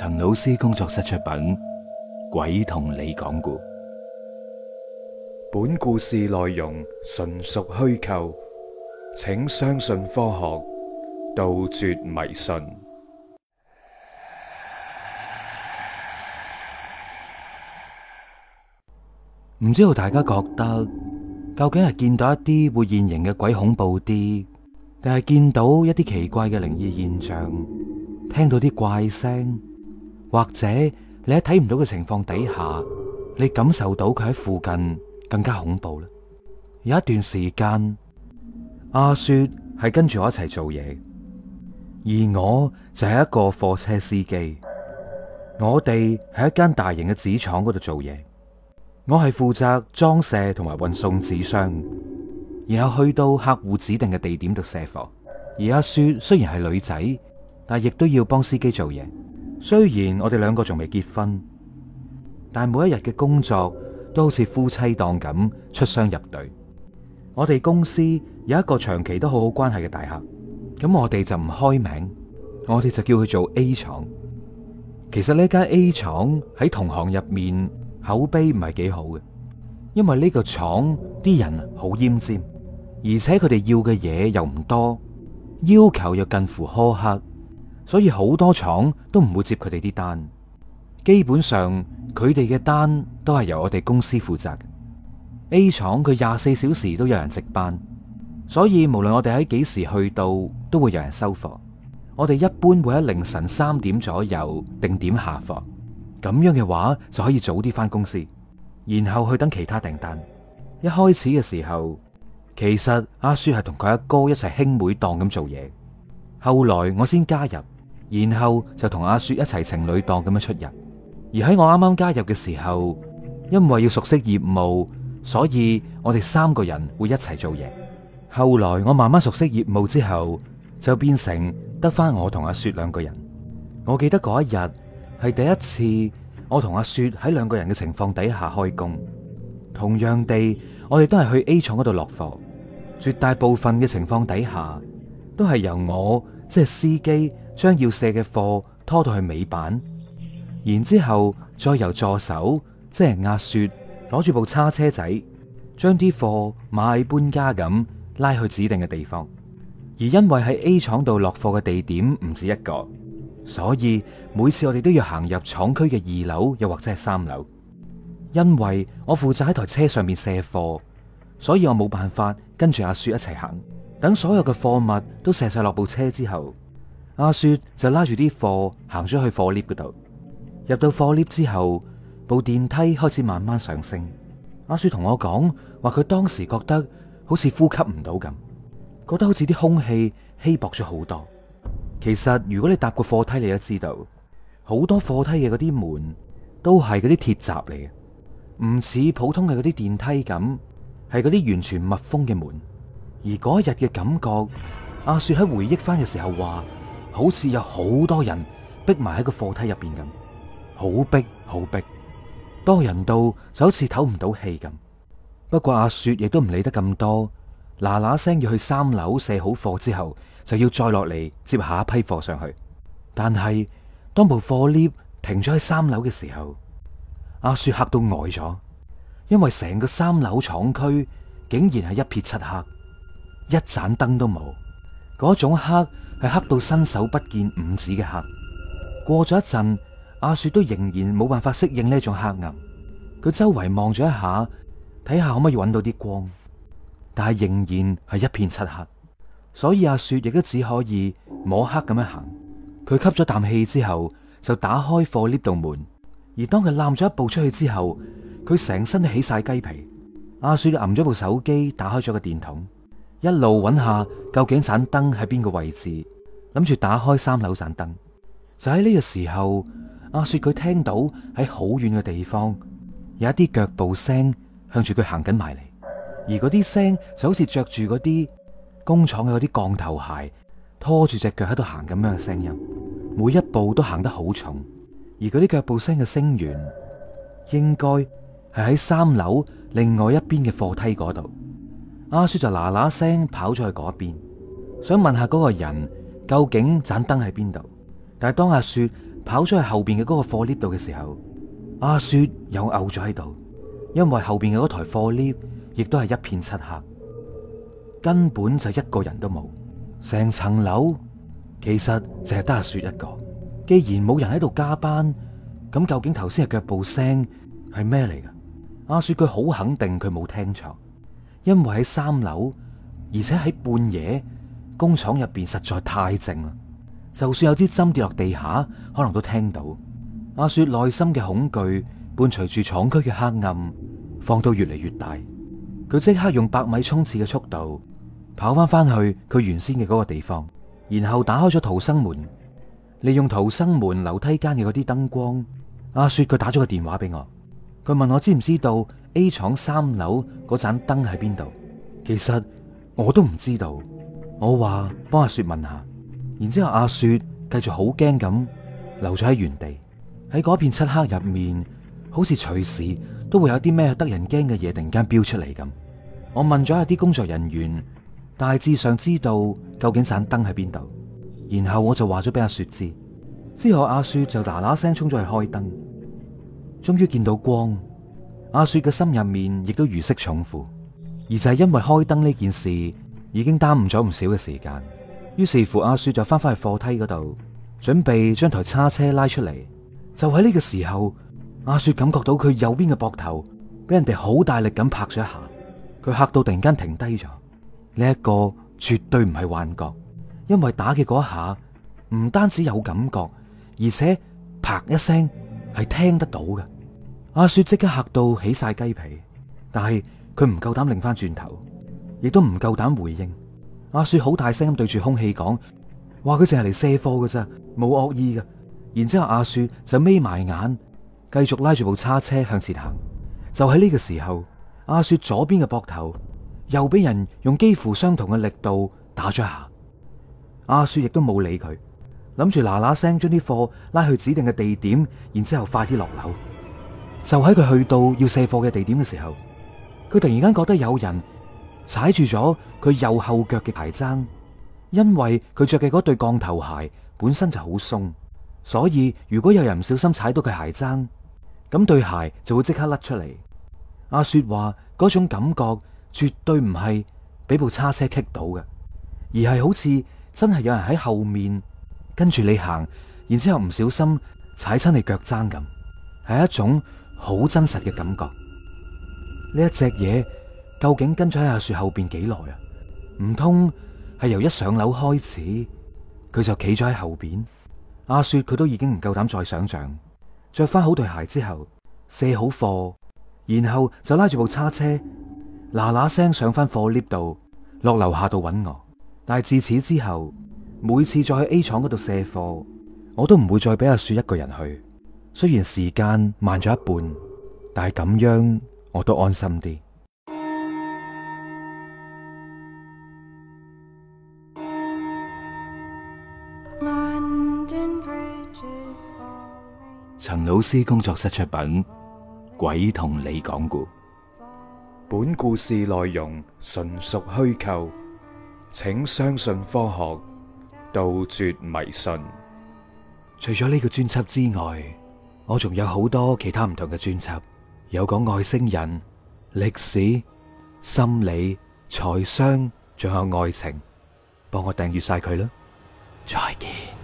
陳老師工作室出品《鬼同你講古》，本故事內容純屬虛構，請相信科學，杜絕迷信。唔知道大家覺得，究竟係見到一啲會現形嘅鬼恐怖啲，定係見到一啲奇怪嘅靈異現象，聽到啲怪聲？或者你喺睇唔到嘅情況底下，你感受到佢喺附近更加恐怖啦。有一段時間，阿雪係跟住我一齊做嘢，而我就係一個貨車司機。我哋喺一間大型嘅紙廠嗰度做嘢，我係負責裝卸同埋運送紙箱，然後去到客戶指定嘅地點度卸貨。而阿雪雖然係女仔，但亦都要幫司機做嘢。雖然我哋兩個仲未結婚，但每一日嘅工作都好似夫妻檔咁出雙入對。我哋公司有一個長期都好好關係嘅大客，咁我哋就唔開名，我哋就叫佢做 A 廠。其實呢間 A 廠喺同行入面口碑唔係幾好嘅，因為呢個廠啲人好奄尖，而且佢哋要嘅嘢又唔多，要求又近乎苛刻。所以好多廠都唔會接佢哋啲單，基本上佢哋嘅單都係由我哋公司負責嘅。A 廠佢廿四小時都有人值班，所以無論我哋喺幾時去到，都會有人收貨。我哋一般會喺凌晨三點左右定點下貨，咁樣嘅話就可以早啲翻公司，然後去等其他訂單。一開始嘅時候，其實阿叔係同佢阿哥一齊兄妹檔咁做嘢，後來我先加入。然後就同阿雪一齊情侶檔咁樣出入。而喺我啱啱加入嘅時候，因為要熟悉業務，所以我哋三個人會一齊做嘢。後來我慢慢熟悉業務之後，就變成得返我同阿雪兩個人。我記得嗰一日係第一次我同阿雪喺兩個人嘅情況底下開工。同樣地，我哋都係去 A 廠嗰度落貨。絕大部分嘅情況底下，都係由我即係、就是、司機。將要卸嘅貨拖到去尾板，然之後再由助手即係阿雪攞住部叉車仔，將啲貨螞蟻搬家咁拉去指定嘅地方。而因為喺 A 廠度落貨嘅地點唔止一個，所以每次我哋都要行入廠區嘅二樓又或者係三樓。因為我負責喺台車上面卸貨，所以我冇辦法跟住阿雪一齊行。等所有嘅貨物都卸晒落部車之後。阿雪就拉住啲貨行咗去貨 lift 嗰度。入到貨 lift 之後，部電梯開始慢慢上升。阿雪同我講話，佢當時覺得好似呼吸唔到咁，覺得好似啲空氣稀薄咗好多。其實如果你搭過貨梯，你都知道好多貨梯嘅嗰啲門都係嗰啲鐵閘嚟嘅，唔似普通嘅嗰啲電梯咁係嗰啲完全密封嘅門。而嗰日嘅感覺，阿雪喺回憶翻嘅時候話。好似有好多人逼埋喺個貨梯入邊咁，好逼好逼，多人到就好似唞唔到氣咁。不過阿雪亦都唔理得咁多，嗱嗱聲要去三樓卸好貨之後，就要再落嚟接下一批貨上去。但係當部貨 lift 停咗喺三樓嘅時候，阿雪嚇到呆咗，因為成個三樓廠區竟然係一片漆黑，一盞燈都冇。嗰種黑係黑到伸手不見五指嘅黑。過咗一陣，阿雪都仍然冇辦法適應呢種黑暗。佢周圍望咗一下，睇下可唔可以揾到啲光，但係仍然係一片漆黑。所以阿雪亦都只可以摸黑咁樣行。佢吸咗啖氣之後，就打開貨 lift 道門。而當佢攬咗一步出去之後，佢成身都起晒雞皮。阿雪揞咗部手機，打開咗個電筒。一路搵下究竟盞燈喺邊個位置，諗住打開三樓盞燈。就喺呢個時候，阿雪佢聽到喺好遠嘅地方有一啲腳步聲向住佢行緊埋嚟，而嗰啲聲就好似着住嗰啲工廠嘅嗰啲鋼頭鞋拖住隻腳喺度行咁樣嘅聲音，每一步都行得好重，而嗰啲腳步聲嘅聲源應該係喺三樓另外一邊嘅貨梯嗰度。阿雪就嗱嗱聲跑咗去嗰一邊，想問下嗰個人究竟盞燈喺邊度。但係當阿雪跑出去後邊嘅嗰個貨 lift 度嘅時候，阿雪又嘔咗喺度，因為後邊嘅嗰台貨 lift 亦都係一片漆黑，根本就一個人都冇，成層樓其實淨係得阿雪一個。既然冇人喺度加班，咁究竟頭先嘅腳步聲係咩嚟嘅？阿雪佢好肯定佢冇聽錯。因為喺三樓，而且喺半夜，工廠入邊實在太靜啦。就算有啲針跌落地下，可能都聽到。阿雪內心嘅恐懼伴隨住廠區嘅黑暗，放到越嚟越大。佢即刻用百米衝刺嘅速度跑翻翻去佢原先嘅嗰個地方，然後打開咗逃生門，利用逃生門樓梯間嘅嗰啲燈光。阿雪佢打咗個電話俾我，佢問我知唔知道？A 廠三樓嗰盞燈喺邊度？其實我都唔知道。我話幫阿雪問下，然之後阿雪繼續好驚咁留咗喺原地。喺嗰片漆黑入面，好似隨時都會有啲咩得人驚嘅嘢突然間飆出嚟咁。我問咗一啲工作人員，大致上知道究竟盞燈喺邊度。然後我就話咗俾阿雪知，之後阿雪就嗱嗱聲衝咗去開燈，終於見到光。阿雪嘅心入面亦都如釋重負，而就係因為開燈呢件事，已經耽誤咗唔少嘅時間。於是乎，阿雪就翻返去貨梯嗰度，準備將台叉車拉出嚟。就喺呢個時候，阿雪感覺到佢右邊嘅膊頭俾人哋好大力咁拍咗一下，佢吓到突然間停低咗。呢一個絕對唔係幻覺，因為打嘅嗰一下，唔單止有感覺，而且啪一聲係聽得到嘅。阿雪即刻嚇到起晒雞皮，但係佢唔夠膽擰翻轉頭，亦都唔夠膽回應。阿雪好大聲咁對住空氣講：話佢淨係嚟卸貨嘅咋，冇惡意嘅。然之後阿雪就眯埋眼，繼續拉住部叉車向前行。就喺呢個時候，阿雪左邊嘅膊頭又俾人用幾乎相同嘅力度打咗一下。阿雪亦都冇理佢，諗住嗱嗱聲將啲貨拉去指定嘅地點，然之後快啲落樓。就喺佢去到要卸貨嘅地點嘅時候，佢突然間覺得有人踩住咗佢右後腳嘅鞋踭，因為佢着嘅嗰對鋼頭鞋本身就好鬆，所以如果有人唔小心踩到佢鞋踭，咁對鞋就會即刻甩出嚟。阿雪話嗰種感覺絕對唔係俾部叉車棘到嘅，而係好似真係有人喺後面跟住你行，然之後唔小心踩親你腳踭咁，係一種。好真實嘅感覺，呢一隻嘢，究竟跟咗喺阿雪後邊幾耐啊？唔通係由一上樓開始，佢就企咗喺後邊？阿雪佢都已經唔夠膽再想象着翻好對鞋之後，卸好貨，然後就拉住部叉車，嗱嗱聲上翻貨 lift 度，落樓下度揾我。但係自此之後，每次再去 A 廠嗰度卸貨，我都唔會再俾阿雪一個人去。雖然時間慢咗一半，但係咁樣我都安心啲。 陳老師工作室出品，《鬼同你講古》。本故事內容純屬虛構，請相信科學，杜絕迷信。除咗呢個專輯之外，我仲有好多其他唔同嘅專輯，有講外星人、歷史、心理、財商，仲有愛情，幫我訂閱晒佢啦，再見。